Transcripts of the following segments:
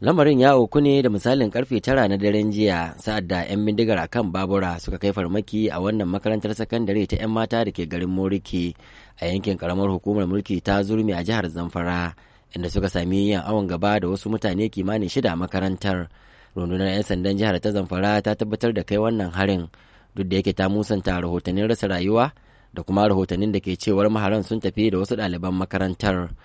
lamarin ya auku ne da misalin karfe tara na daren jiya sa'ad da 'yan bindigar akan babura suka kai farmaki a wannan makarantar sakandare ta 'yan mata da ke garin moriki a yankin karamar hukumar mulki ta zurmi a jihar zamfara inda suka sami yin awon gaba da wasu mutane kimanin shida a makarantar rundunar 'yan sandan jihar ta zamfara ta tabbatar da kai wannan harin duk da yake ta musanta rahotannin rasa rayuwa da kuma rahotannin da ke cewar maharan sun tafi da wasu ɗaliban makarantar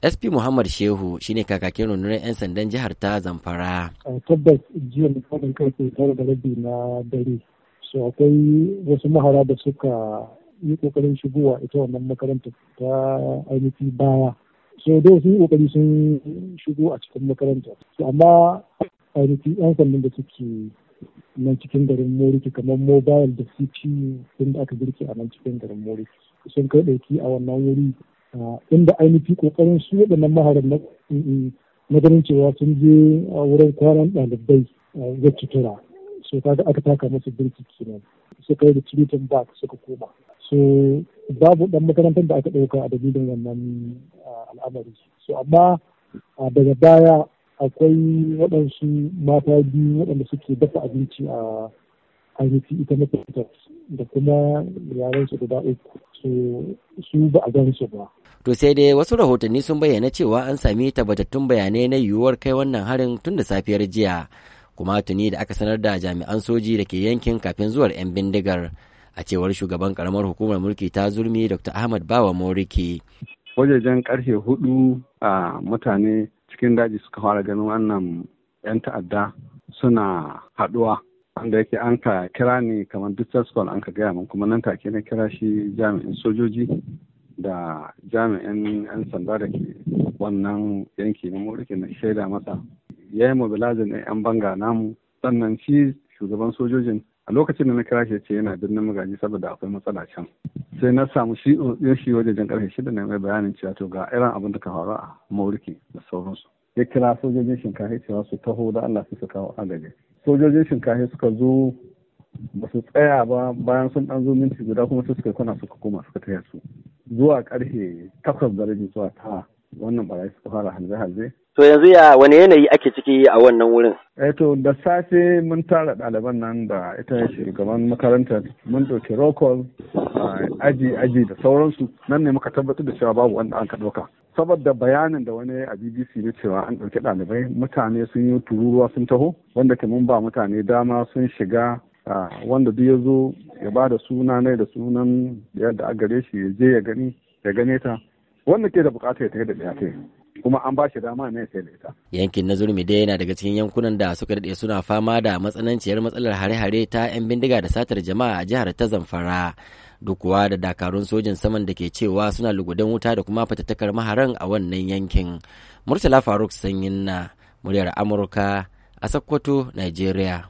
sp muhammad shehu shine kakakin rundunar 'yan sandan jihar ta zamfara eh, tabbas jiya misalin karfe tara da rabi na dare so akwai wasu mahara da suka yi kokarin shigowa ita wannan makarantar ta ainihi baya so dai sun yi kokari sun shigo a cikin makarantar so amma ainihi 'yan sandan da suke nan cikin garin moriki kamar mobile da cpu sun da aka girke a nan cikin garin moriki sun kai ɗauki a wannan wuri Ah, inda ainihin kokarin su waɗannan maharar mm, na ganin cewa sun je ah, wurin kwanan ɗalibai ga ah, cutura so kaga aka taka masu birki kenan su yi da tunitin su suka koma so babu ɗan makarantar da aka ɗauka a dalilin wannan al'amari so amma daga baya akwai waɗansu mata biyu waɗanda suke dafa abinci a ainihin ita makarantar da kuma yaran su guda uku su ba a gan su ba To sai dai wasu rahotanni sun bayyana cewa an sami tabbatattun bayanai na yiwuwar kai wannan harin tun da safiyar jiya. Kuma tuni da aka sanar da jami'an soji da ke yankin kafin zuwar 'yan bindigar. A cewar shugaban karamar hukumar mulki ta zurmi Dr. Ahmad Bawa Moriki. wajajen karfe hudu a mutane cikin daji suka fara ganin wannan 'yan ta'adda suna haduwa wanda yake an ka kira ni kamar duk an ka gaya min kuma nan take na kira shi jami'in sojoji da jami'in 'yan sanda da ke wannan yanki na morike na shaida masa ya yi mobilizin na 'yan banga namu sannan shi shugaban sojojin a lokacin da na kira shi ce yana birnin magaji saboda akwai matsala can sai na samu shi ya shi jan karfe shida na mai bayanin cewa to ga irin abin da ka faru a morike da sauransu ya kira sojojin shinkafa cewa su taho da Allah su kawo agaji sojojin shinkafa suka zo ba su tsaya ba bayan sun dan zo minti guda kuma su suka kwana suka koma suka taya su zuwa karfe takwas da rabi zuwa ta wannan barayi su fara halbe-halbe. To yanzu ya wani yanayi ake ciki a wannan wurin? Eh to da safe mun tara ɗaliban nan da ita shugaban makarantar mun ɗauki roll aji aji da sauransu nan ne muka tabbatar da cewa babu wanda an ka ɗauka. saboda bayanin da wani a bbc na cewa an ɗauki ɗalibai mutane sun yi tururuwa sun taho wanda ke mun ba mutane dama sun shiga wanda duk ya zo ya ba da suna ne da sunan yadda a gare shi ya je ya gani ya gane ta wanda ke da bukatar ya tafi da ɗaya kuma an ba shi dama ne sai da ita. Yankin na Zurmi dai yana daga cikin yankunan da suka daɗe suna fama da matsananciyar matsalar hare-hare ta 'yan bindiga da satar jama'a a jihar ta Zamfara. Duk kuwa da dakarun sojin saman da ke cewa suna lugudan wuta da kuma fatattakar maharan a wannan yankin. Murtala Faruk Sanyin na muryar Amurka a Sokoto, Nigeria.